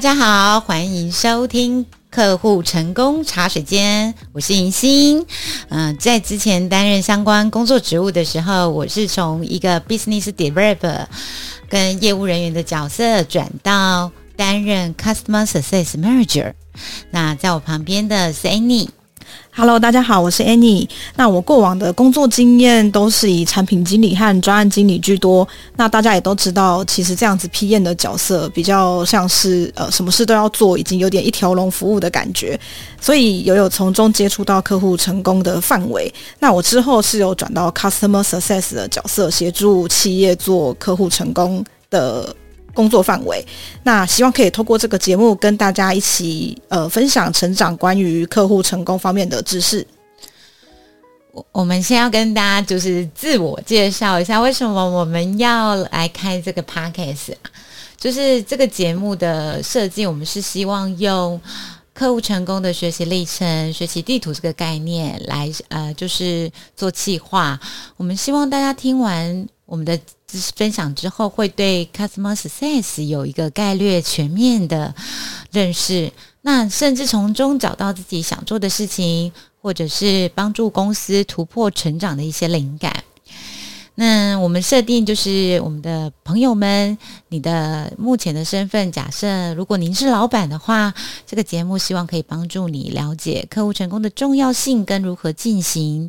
大家好，歡迎收聽客戶成功茶水間。我是銀星。嗯、呃，在之前擔任相關工作職務的時候，我是從一個 business developer 跟業務人員的角色轉到擔任 customer success manager。那在我旁邊的是 Annie 哈嘍，大家好，我是 Annie。那我過往的工作經驗都是以產品經理和專案經理居多。那大家也都知道，其實這樣子 PM 的角色比較像是呃，什麼事都要做，已經有點一條龍服務的感覺。所以有有從中接觸到客戶成功的範圍。那我之後是有轉到 Customer Success 的角色，協助企業做客戶成功的工作範圍，那希望可以透過這個節目跟大家一起呃，分享成長關於客戶成功方面的知識。我，我們先要跟大家就是自我介紹一下，為什麼我們要來開這個 podcast？就是這個節目的設計，我們是希望用客戶成功的學習歷程、學習地圖這個概念來呃，就是做企劃。我們希望大家聽完我們的分享之後，會對 Customer Success 有一個概略全面的認識，那甚至從中找到自己想做的事情，或者是幫助公司突破成長的一些靈感。那我們設定就是我們的朋友們，你的目前的身份假設，如果您是老闆的話，這個節目希望可以幫助你了解客戶成功的重要性跟如何進行，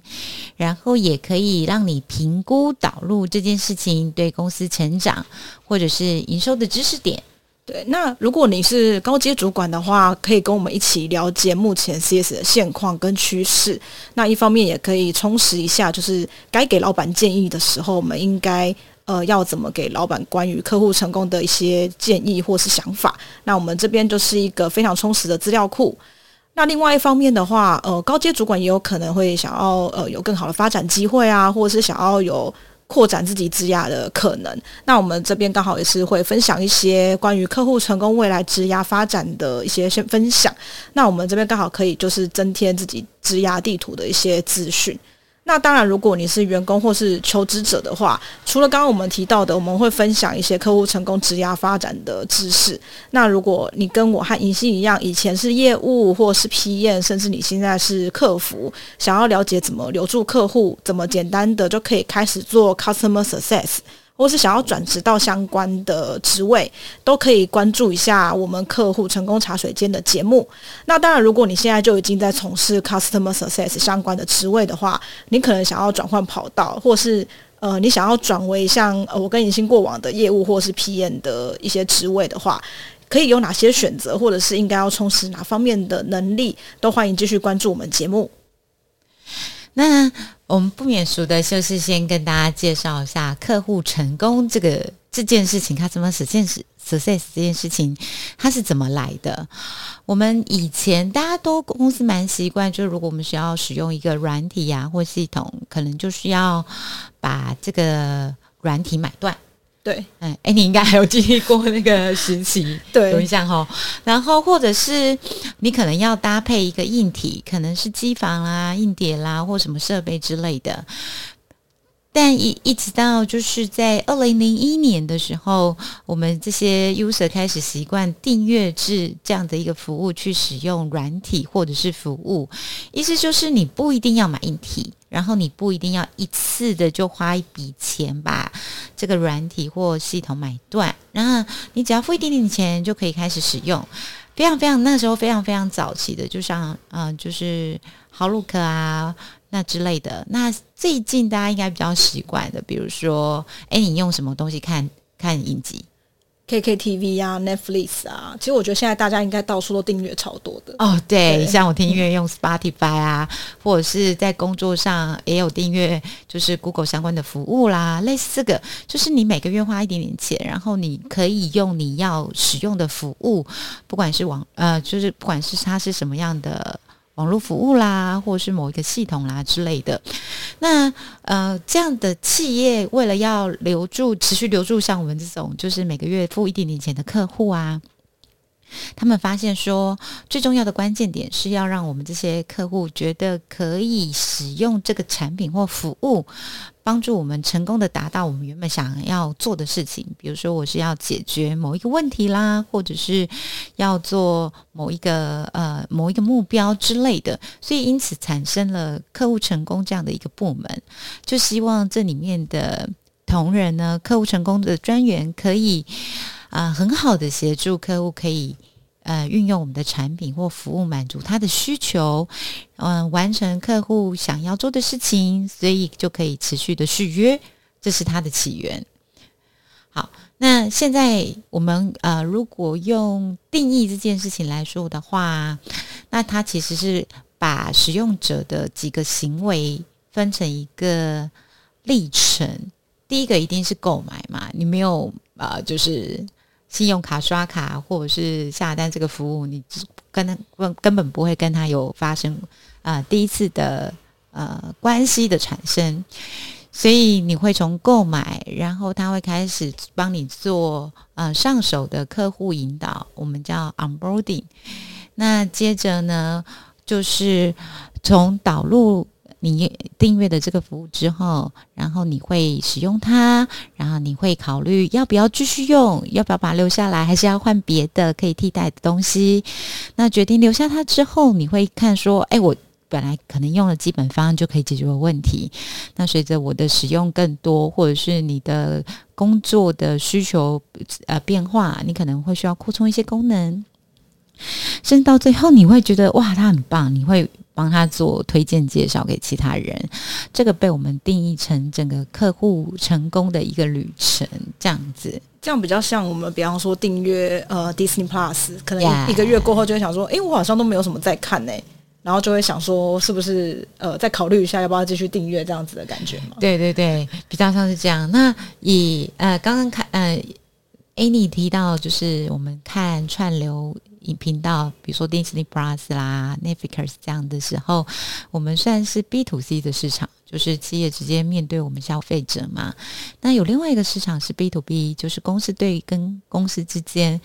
然後也可以讓你評估導入這件事情對公司成長或者是營收的知識點。對，那如果你是高階主管的話，可以跟我們一起了解目前 CS 的現況跟趨勢。那一方面也可以充實一下，就是該給老板建議的時候，我們應該呃要怎麼給老板關於客戶成功的一些建議或是想法。那我們這邊就是一個非常充實的資料庫。那另外一方面的話，呃，高階主管也有可能會想要呃有更好的發展機會啊，或者是想要有。擴展自己職涯的可能。那我們這邊剛好也是會分享一些關於客戶成功未來職涯發展的一些先分享。那我們這邊剛好可以就是增添自己職涯地圖的一些資訊。那當然，如果你是員工或是求職者的話，除了剛剛我們提到的，我們會分享一些客戶成功職涯發展的知識。那如果你跟我和銀星一樣，以前是業務或是 PM，甚至你現在是客服，想要了解怎麼留住客戶，怎麼簡單的就可以開始做 customer success。或是想要轉職到相關的職位，都可以關注一下我們客戶成功茶水間的節目。那當然，如果你現在就已經在從事 customer success 相關的職位的話，你可能想要轉換跑道，或是呃，你想要轉為像我跟尹興過往的業務，或是 PM 的一些職位的話，可以有哪些選擇，或者是應該要充實哪方面的能力？都歡迎繼續關注我們節目。那、嗯。我們不免俗的，就是先跟大家介紹一下客戶成功這個這件事情，它怎麼實現是 success 這件事情，它是怎麼來的？我們以前大家都公司蠻習慣，就是如果我們需要使用一個軟體啊或系統，可能就需要把這個軟體買斷。對，哎、欸、你應該還有經歷過那個時期，等 一下哈，然後或者是你可能要搭配一個硬體，可能是機房啦、啊、硬碟啦，或什麼設備之類的。但一一直到就是在二零零一年的時候，我們這些 user 開始習慣訂閱制這樣的一個服務去使用軟體或者是服務，意思就是你不一定要買硬體。然後你不一定要一次的就花一筆錢把這個軟體或系統買斷，然後你只要付一點點錢就可以開始使用。非常非常那時候非常非常早期的，就像嗯、呃、就是好 look 啊那之類的。那最近大家、啊、應該比較習慣的，比如說，誒你用什麼東西看看影集？KKTV 啊，Netflix 啊，其實我覺得現在大家應該到處都訂閱超多的哦。Oh，對，像我聽音樂用 Spotify 啊，或者是在工作上也有訂閱，就是 Google 相關的服務啦，類似這個，就是你每個月花一點點錢，然後你可以用你要使用的服務，不管是網呃，就是不管是它是什麼樣的。網絡服務啦，或者是某一個系統啦之類的，那呃，這樣的企業為了要留住、持續留住像我們這種就是每個月付一點點錢的客戶啊。他們發現說，最重要的關鍵點是要讓我們這些客戶覺得可以使用這個產品或服務，幫助我們成功的達到我們原本想要做的事情。比如說，我是要解決某一個問題啦，或者是要做某一個呃某一個目標之類的。所以，因此產生了客戶成功這樣的一個部門，就希望這裡面的同仁呢，客戶成功的專員可以。啊、呃，很好的協助客戶可以呃運用我們的產品或服務滿足他的需求，嗯、呃，完成客戶想要做的事情，所以就可以持續的續約，這是它的起源。好，那現在我們呃，如果用定義這件事情來說的話，那它其實是把使用者的幾個行為分成一個歷程。第一個一定是購買嘛，你沒有啊、呃，就是。信用卡刷卡或者是下單這個服務，你跟他，根本不會跟他有發生啊、呃、第一次的呃關係的產生，所以你會從購買，然後他會開始幫你做呃上手的客戶引導，我們叫 onboarding。那接着呢，就是從導入。你訂閱的這個服務之後，然後你會使用它，然後你會考慮要不要繼續用，要不要把它留下來，還是要換別的可以替代的東西。那決定留下它之後，你會看說，誒，我本來可能用了基本方案就可以解決我問題。那隨着我的使用更多，或者是你的工作的需求呃變化，你可能會需要擴充一些功能。甚至到最後，你會覺得哇，它很棒，你會。幫他做推薦、介紹給其他人，這個被我們定義成整個客戶成功的一個旅程，這樣子，這樣比較像我們，比方說訂閱呃 Disney Plus，可能一，yeah. 一個月過後就會想說，誒，我好像都沒有什麼在看呢、欸，然後就會想說，是不是呃再考慮一下，要不要繼續訂閱這樣子的感覺嗎？對對對，比較像是這樣。那以呃剛剛看呃，Amy 提到就是我們看串流。影頻道，比如說 Disney Plus 啦、Netflix 這樣的時候，我們算是 B to C 的市場，就是企業直接面對我們消費者嘛。那有另外一個市場是 B to B，就是公司對跟公司之間。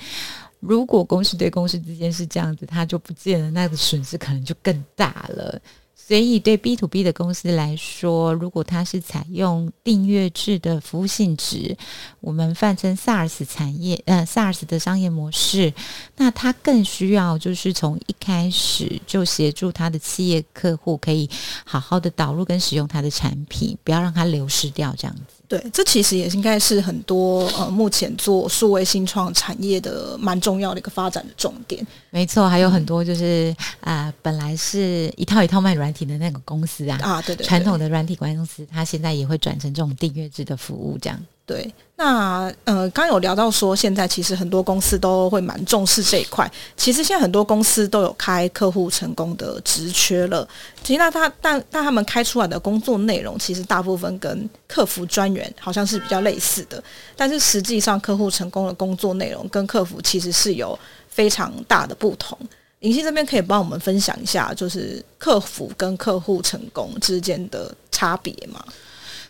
如果公司對公司之間是這樣子，它就不見了，那個損失可能就更大了。所以，對 B to B 的公司來說，如果它是採用訂閱制的服務性質，我們泛稱 SaaS 產業，呃，SaaS 的商業模式，那它更需要就是從一開始就協助它的企業客戶，可以好好的導入跟使用它的產品，不要讓它流失掉，這樣子。對，這其實也應該是很多呃，目前做數位新創產業的蠻重要的一個發展的重點。沒錯，還有很多就是啊、嗯呃，本來是一套一套賣軟體的那個公司啊，啊，對對對，傳統的軟體公司，它現在也會轉成這種訂閱制的服務，這樣。對，那呃，剛有聊到說，現在其實很多公司都會蠻重視這一塊。其實現在很多公司都有開客戶成功的職缺了。其實那他但但他們開出來的工作內容，其實大部分跟客服專員好像是比較類似的。但是實際上，客戶成功的工作內容跟客服其實是有非常大的不同。林夕這邊可以幫我們分享一下，就是客服跟客戶成功之間的差別嗎？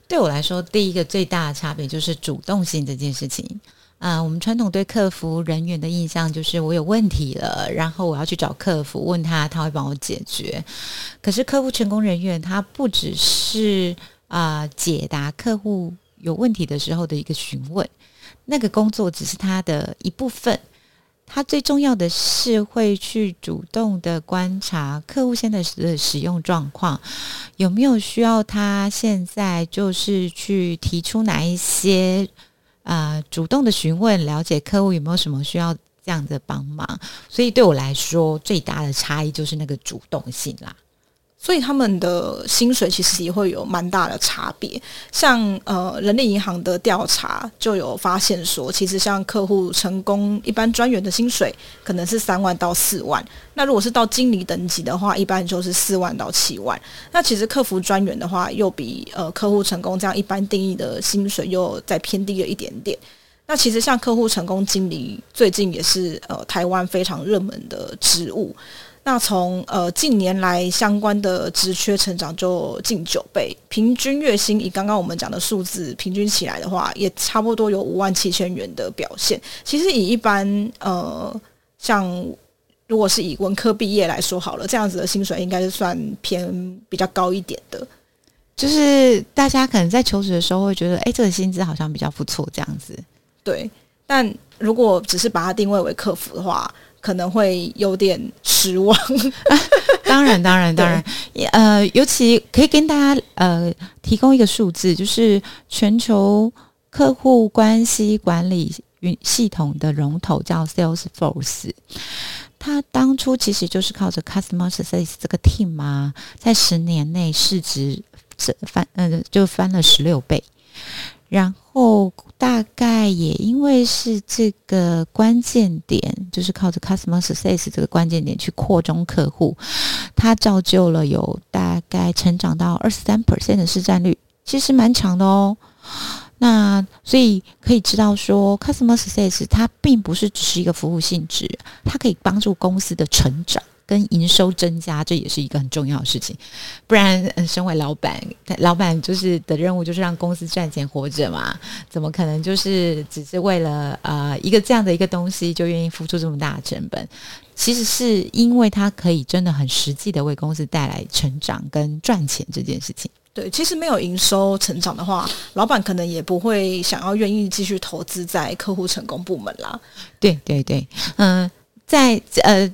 對我來說，第一個最大的差別就是主動性這件事情。啊、呃，我們傳統對客服人員的印象就是我有問題了，然後我要去找客服問他，他會幫我解決。可是客戶成功人員，他不只是啊、呃、解答客戶有問題的時候的一個詢問，那個工作只是他的一部分。他最重要的是會去主動的觀察客戶現在的使用狀況，有沒有需要他現在就是去提出哪一些啊、呃、主動的詢問，了解客戶有沒有什麼需要這樣的幫忙，所以對我來說，最大的差異就是那個主動性啦。所以他們的薪水其實也會有蠻大的差別，像呃，人力銀行的調查就有發現說，其實像客戶成功一般專員的薪水可能是三萬到四萬，那如果是到經理等級的話，一般就是四萬到七萬。那其實客服專員的話，又比呃客戶成功這樣一般定義的薪水又再偏低了一點點。那其實像客戶成功經理，最近也是呃台灣非常熱門的職務。那從呃近年來相關的職缺成長就近九倍，平均月薪以剛剛我們講的數字平均起來的話，也差不多有五萬七千元的表現。其實以一般呃像，如果是以文科畢業來說好了，這樣子的薪水應該是算偏比較高一點的。就是大家可能在求職的時候會覺得，誒，這個薪資好像比較不錯，這樣子。對，但如果只是把它定位為客服的話。可能會有點失望，啊。當然，當然，當然，呃，尤其可以跟大家呃提供一個數字，就是全球客戶關係管理雲系統的龍頭叫 Salesforce，他當初其實就是靠着 Customer Success 這個 team 啊，在十年內市值翻嗯、呃、就翻了十六倍，然後。大概也因為是這個關鍵點，就是靠着 customer success 這個關鍵點去擴充客戶，它造就了有大概成長到二十三 percent 的市占率，其實蠻強的哦。那所以可以知道說 ，customer success 它並不是只是一個服務性質，它可以幫助公司的成長。跟營收增加，這也是一個很重要的事情。不然，嗯，身為老板，老板就是的任務就是讓公司賺錢活着嘛？怎麼可能就是只是為了呃一個這樣的一個東西就願意付出這麼大的成本？其實是因為它可以真的很實際的為公司帶來成長跟賺錢這件事情。對，其實沒有營收成長的話，老板可能也不會想要願意繼續投資在客戶成功部門啦。對對對，嗯、呃，在呃。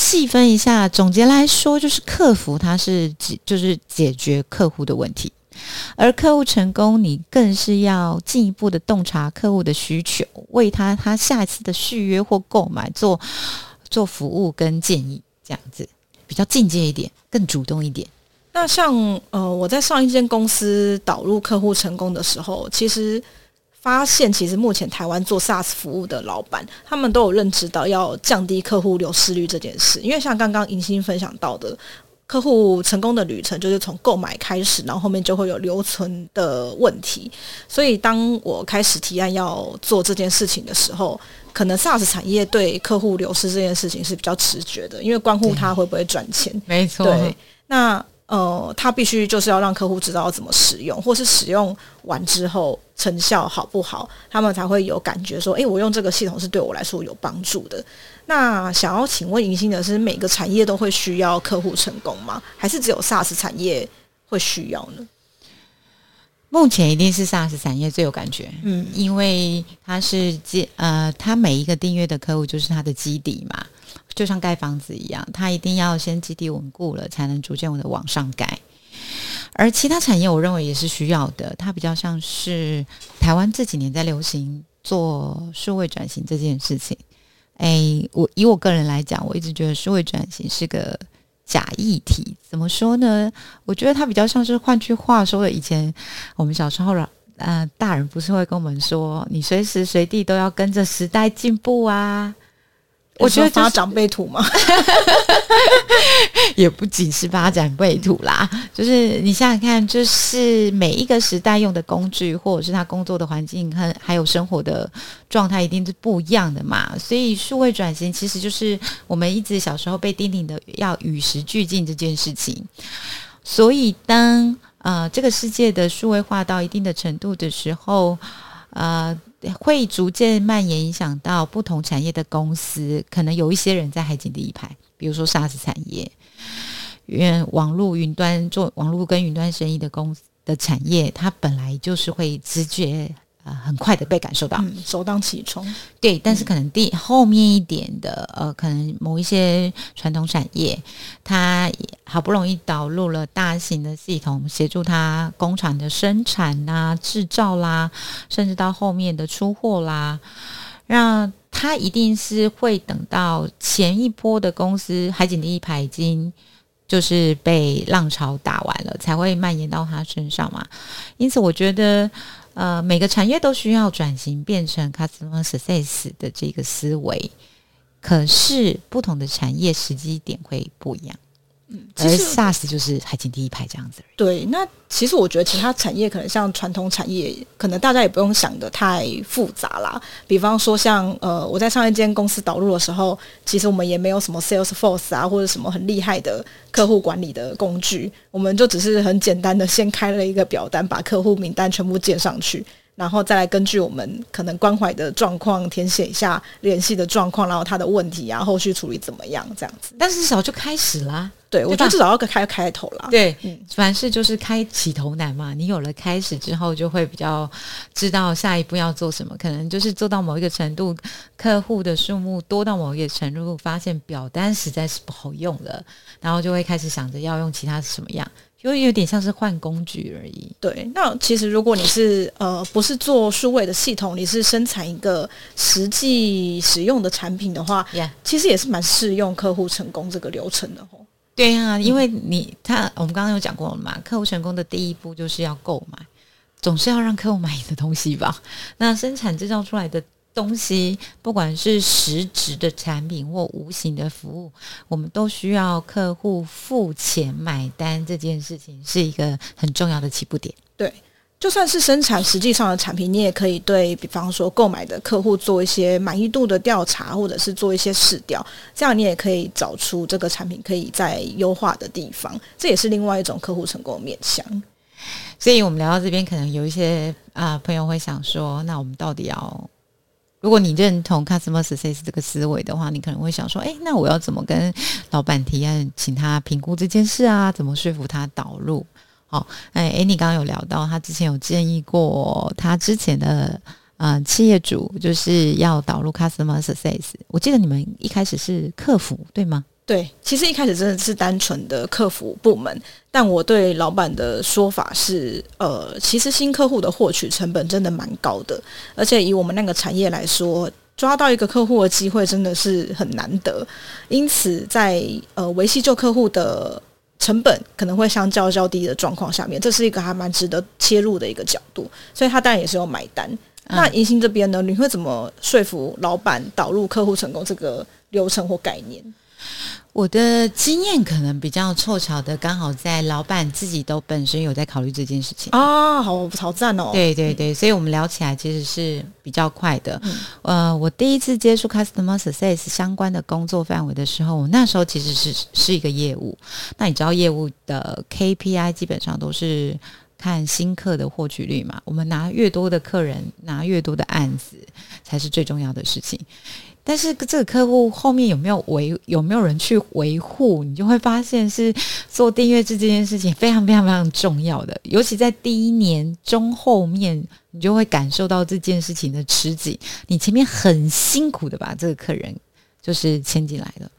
細分一下，總結來說就是客服它是解，就是解決客戶的問題，而客戶成功，你更是要進一步的洞察客戶的需求，為他他下一次的續約或購買做做服務跟建議，這樣子比較進階一點，更主動一點。那像呃，我在上一間公司導入客戶成功的時候，其實。發現其實目前台灣做 SaaS 服務的老闆，他們都有認知到要降低客戶流失率這件事。因為像剛剛銀星分享到的，客戶成功的旅程就是從購買開始，然後後面就會有留存的問題。所以當我開始提案要做這件事情的時候，可能 SaaS 產業對客戶流失這件事情是比較直覺的，因為關乎他會不會賺錢。對，沒錯，對，那。呃，他必須就是要讓客戶知道怎麼使用，或是使用完之後成效好不好，他們才會有感覺說，誒、欸，我用這個系統是對我來說有幫助的。那想要請問銀星的是，每個產業都會需要客戶成功嗎？還是只有 SaaS 產業會需要呢？目前一定是 SaaS 產業最有感覺，嗯，因為它是基呃，它每一個訂閱的客戶就是它的基底嘛，就像蓋房子一樣，它一定要先基底穩固了，才能逐漸的往上蓋。而其他產業，我認為也是需要的，它比較像是台灣這幾年在流行做數位轉型這件事情。誒，我以我個人來講，我一直覺得數位轉型是個。假議題，怎麼說呢？我覺得它比較像是，換句話說的，以前我們小時候了，嗯、呃，大人不是會跟我們說，你隨時隨地都要跟着時代進步啊。我覺得發展背土嘛，就是、 也不僅是發展背土啦、嗯。就是你想想看，就是每一個時代用的工具，或者是他工作的環境，和還有生活的狀態，一定是不一樣的嘛。所以數位轉型其實就是我們一直小時候被叮嚀的，要與時俱進這件事情。所以當呃這個世界的數位化到一定的程度的時候，呃。會逐漸蔓延，影響到不同產業的公司，可能有一些人在海景第一排，比如說 SaaS 產業，因為網絡雲端做網絡跟雲端生意的公的產業，它本來就是會直覺。呃，很快的被感受到，首、嗯、當其衝。對，但是可能第、嗯、後面一點的，呃，可能某一些傳統產業，它也好不容易導入了大型的系統，協助它工廠的生產啊、製造啦，甚至到後面的出貨啦，那它一定是會等到前一波的公司，海景第一排已經就是被浪潮打完了，才會蔓延到它身上嘛。因此，我覺得。呃，每個產業都需要轉型，變成 customer success 的這個思維，可是不同的產業時機點會不一樣。嗯，其實 SaaS 就是海景第一排這樣子、嗯。對，那其實我覺得其他產業可能像傳統產業，可能大家也不用想得太複雜啦。比方說像呃，我在上一間公司導入的時候，其實我們也沒有什麼 Salesforce 啊或者什麼很厲害的客戶管理的工具，我們就只是很簡單的先開了一個表單，把客戶名單全部建上去。然後再來根據我們可能關懷的狀況填寫一下聯繫的狀況，然後他的問題啊，後續處理怎麼樣這樣子。但是至少就開始啦，對，對我覺得至少要開開頭啦。對，嗯、凡事就是開起頭難嘛，你有了開始之後，就會比較知道下一步要做什麼。可能就是做到某一個程度，客戶的數目多到某一個程度，發現表單實在是不好用了，然後就會開始想着要用其他是什麼樣。因為有點像是換工具而已。對，那其實如果你是呃不是做數位的系統，你是生產一個實際使用的產品的話，Yeah. 其實也是蠻適用客戶成功這個流程的哦。對啊，因為你看我們剛剛有講過了嘛，客戶成功的第一步就是要購買，總是要讓客戶買你的東西吧？那生產制造出來的。東西，不管是實質的產品或無形的服務，我們都需要客戶付錢買單。這件事情是一個很重要的起步點。對，就算是生產實際上的產品，你也可以對，比方說購買的客戶做一些滿意度的調查，或者是做一些市調，這樣你也可以找出這個產品可以再優化的地方。這也是另外一種客戶成功面向。所以我們聊到這邊，可能有一些啊、呃、朋友會想說，那我們到底要？如果你認同 Customer Success 這個思維的話，你可能會想說：哎，那我要怎麼跟老闆提案，請他評估這件事啊？怎麼說服他導入？好、哦，誒，你剛剛有聊到，他之前有建議過，他之前的嗯、呃、企業主就是要導入 Customer Success。我記得你們一開始是客服，對嗎？對，其實一開始真的是單純的客服部門，但我對老板的說法是，呃，其實新客戶的獲取成本真的蠻高的，而且以我們那個產業來說，抓到一個客戶的機會真的是很難得，因此在呃維繫舊客戶的成本可能會相較較低的狀況下面，這是一個還蠻值得切入的一個角度，所以他當然也是有買單。嗯、那銀星這邊呢，你會怎麼說服老板導入客戶成功這個流程或概念？我的經驗可能比較湊巧的，剛好在老闆自己都本身有在考慮這件事情啊，好，好讚哦！對對對，所以我們聊起來其實是比較快的。嗯。呃，我第一次接觸 customer success 相關的工作範圍的時候，我那時候其實是是一個業務。那你知道，業務的 KPI 基本上都是看新客的獲取率嘛。我們拿越多的客人，拿越多的案子，才是最重要的事情。但是這個客戶後面有沒有維，有沒有人去維護，你就會發現是做訂閱制這件事情非常非常非常重要的。尤其在第一年中後面，你就會感受到這件事情的吃緊。你前面很辛苦的把這個客人就是簽進來的。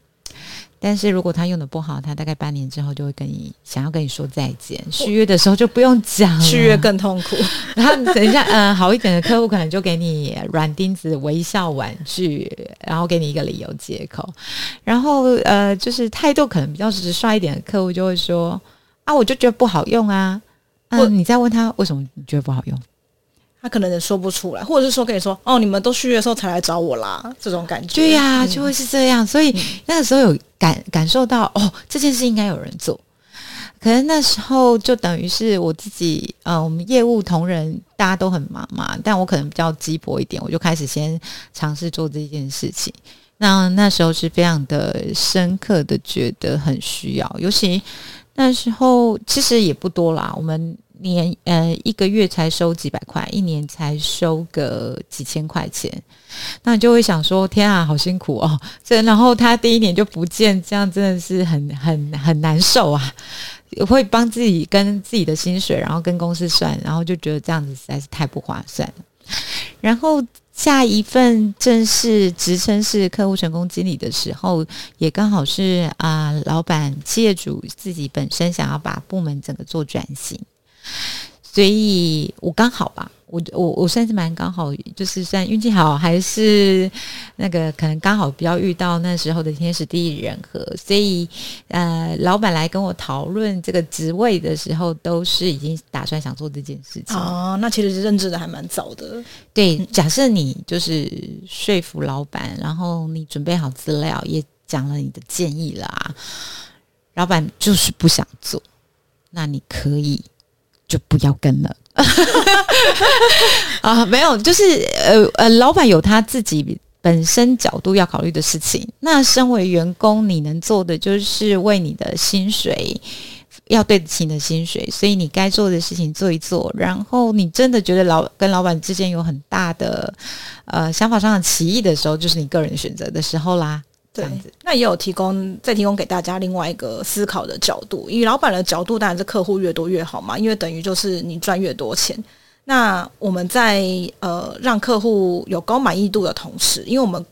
但是如果他用的不好，他大概半年之後就會跟你想要跟你說再見。續約的時候就不用講、哦，續約更痛苦。 然後等一下，呃，好一點的客戶可能就給你軟釘子、微笑婉拒，然後給你一個理由借口。然後呃，就是態度可能比較直率一點的客戶就會說：“啊，我就覺得不好用啊。啊”嗯，你再問他為什麼你覺得不好用？他可能也說不出來，或者是說跟你說：“哦，你們都續約的時候才來找我啦。”這種感覺。對呀、啊，就會是這樣。所以、嗯、那個時候有感感受到，哦，這件事應該有人做。可能那時候就等於是我自己，嗯、呃，我們業務同仁大家都很忙嘛，但我可能比較雞婆一點，我就開始先嘗試做這件事情。那那時候是非常的深刻的，覺得很需要。尤其那時候其實也不多啦，我們。年，呃，一個月才收幾百塊，一年才收個幾千塊錢，那你就會想說：天啊，好辛苦哦！這然後他第一年就不見，這樣真的是很很很難受啊！會幫自己跟自己的薪水，然後跟公司算，然後就覺得這樣子實在是太不划算了。然後下一份正式職稱是客戶成功經理的時候，也剛好是啊、呃，老板、企業主自己本身想要把部門整個做轉型。所以我剛好吧，我我我算是蠻剛好，就是算運氣好，還是那個可能剛好比較遇到那時候的天時地利人和。所以呃，老闆來跟我討論這個職位的時候，都是已經打算想做這件事情哦。那其實認知的還蠻早的。對，假設你就是說服老闆，嗯、然後你準備好資料，也講了你的建議了啊，老闆就是不想做，那你可以。就不要跟了 啊！沒有，就是呃呃，老闆有他自己本身角度要考慮的事情。那身為員工，你能做的就是為你的薪水，要對得起你的薪水，所以你該做的事情做一做。然後你真的覺得老跟老闆之間有很大的呃想法上的歧義的時候，就是你個人選擇的時候啦。這樣子，那也有提供，再提供給大家另外一個思考的角度。以老闆的角度，當然是客戶越多越好嘛，因為等於就是你賺越多錢。那我們在呃讓客戶有高滿意度的同時，因為我們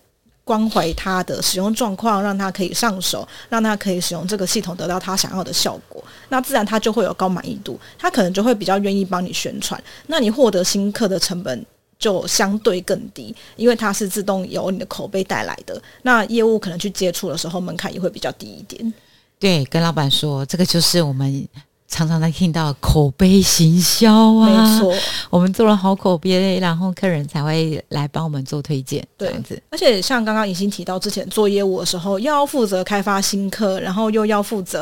關懷他的使用狀況，讓他可以上手，讓他可以使用這個系統得到他想要的效果，那自然他就會有高滿意度，他可能就會比較願意幫你宣傳，那你獲得新客的成本，就相對更低，因為它是自動由你的口碑帶來的。那業務可能去接觸的時候，門檻也會比較低一點。對，跟老闆說，這個就是我們。常常能聽到口碑行銷啊，沒錯，我們做了好口碑，然後客人才會來幫我們做推薦，對，這樣子。而且像剛剛尹欣提到，之前做業務的時候，要負責開發新客，然後又要負責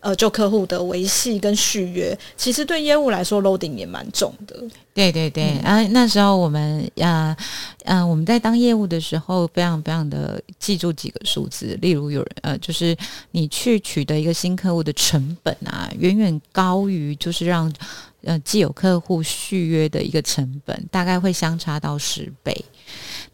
呃舊客戶的維繫跟續約，其實對業務來說，loading 也蠻重的。對對對，然後，嗯啊、那時候我們呀。呃嗯、呃，我們在當業務的時候，非常非常的記住幾個數字。例如，有人呃，就是你去取得一個新客戶的成本啊，遠遠高於就是讓呃既有客戶續約的一個成本，大概會相差到十倍。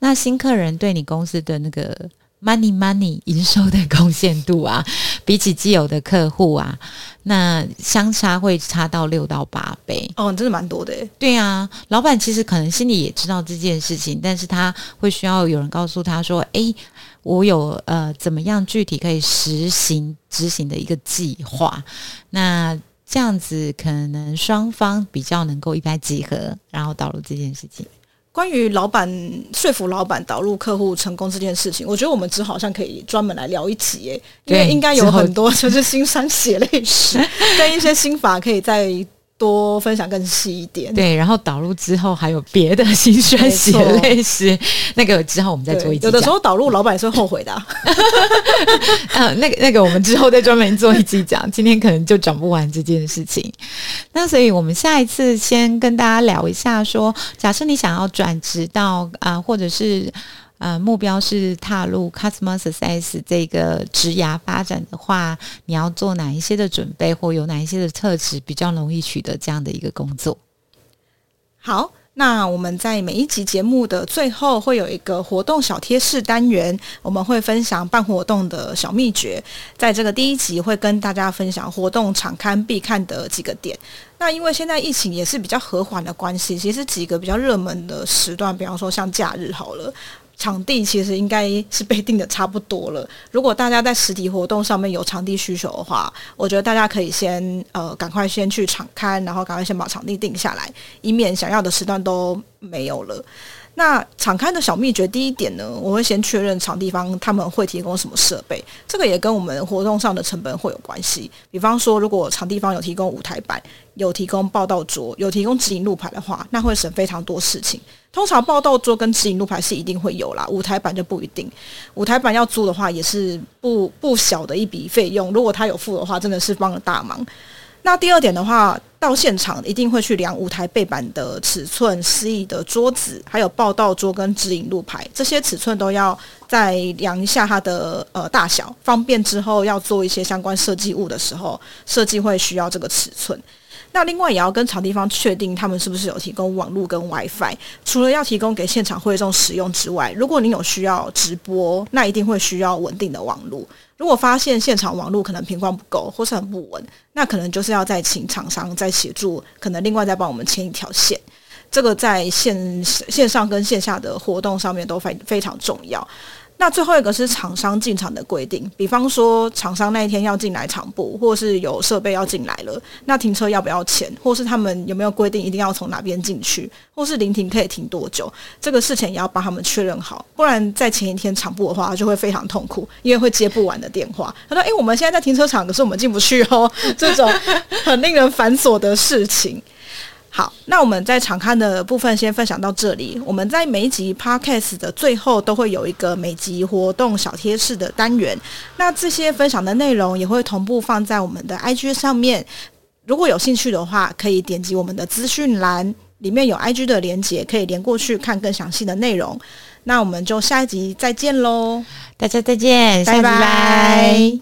那新客人對你公司的那個。money money 營收的貢獻度啊，比起既有的客戶啊，那相差會差到六到八倍。哦，真的蠻多的耶。對啊，老板其實可能心裡也知道這件事情，但是他會需要有人告訴他說：“誒，我有呃怎麼樣具體可以實行執行的一個計劃。”那這樣子可能雙方比較能夠一拍即合，然後導入這件事情。關於老板說服老板導入客戶成功這件事情，我覺得我們只好，好像可以專門來聊一集，因為應該有很多就是心酸血淚史，跟一些心法可以在。多分享更細一點，對，然後導入之後還有別的新宣寫類似那個，之後我們再做一集。有的時候導入老板是會後悔的。啊，嗯， 啊，那個那個我們之後再專門做一集講， 今天可能就講不完這件事情。那所以我們下一次先跟大家聊一下說，說假設你想要轉職到啊、呃，或者是。呃，目標是踏入 Customer Success 這個職涯發展的話，你要做哪一些的準備，或有哪一些的特質比較容易取得這樣的一個工作？好，那我們在每一集節目的最後會有一個活動小貼士單元，我們會分享辦活動的小秘訣。在這個第一集會跟大家分享活動場勘必看的幾個點。那因為現在疫情也是比較和緩的關係，其實幾個比較熱門的時段，比方說像假日，好了。場地其實應該是被定的差不多了。如果大家在實體活動上面有場地需求的話，我覺得大家可以先呃趕快先去場勘，然後趕快先把場地定下來，以免想要的時段都沒有了。那場勘的小祕訣，第一點呢，我會先確認場地方他們會提供什麼設備，這個也跟我們活動上的成本會有關係。比方說，如果場地方有提供舞台板、有提供報到桌、有提供指引路牌的話，那會省非常多事情。通常報到桌跟指引路牌是一定會有啦，舞台板就不一定。舞台板要租的話，也是不不小的一筆費用。如果他有付的話，真的是幫了大忙。那第二點的話。到現場一定會去量舞台背板的尺寸，司儀的桌子，還有報到桌跟指引路牌，這些尺寸都要再量一下它的呃大小，方便之後要做一些相關設計物的時候，設計會需要這個尺寸。那另外也要跟場地方確定他們是不是有提供網絡跟 WiFi。除了要提供給現場會眾使用之外，如果您有需要直播，那一定會需要穩定的網絡。如果發現現場網絡可能頻寬不夠或是很不穩，那可能就是要再請廠商再協助，可能另外再幫我們牽一條線。這個在線線上跟線下的活動上面都非非常重要。那最後一個是廠商進場的規定，比方說廠商那一天要進來場佈，或是有設備要進來了，那停車要不要錢，或是他們有沒有規定一定要從哪邊進去，或是臨停可以停多久，這個事情也要幫他們確認好，不然在前一天場佈的話他就會非常痛苦，因為會接不完的電話。他說：“誒、欸，我們現在在停車場，可是我們進不去哦。”這種很令人繁瑣的事情。好，那我們在常看的部分先分享到這裡。我們在每一集 podcast 的最後都會有一個每集活動小貼士的單元。那這些分享的內容也會同步放在我們的 IG 上面。如果有興趣的話，可以點擊我們的資訊欄，裡面有 IG 的連結，可以連過去看更詳細的內容。那我們就下一集再見嘍，大家再見，拜拜。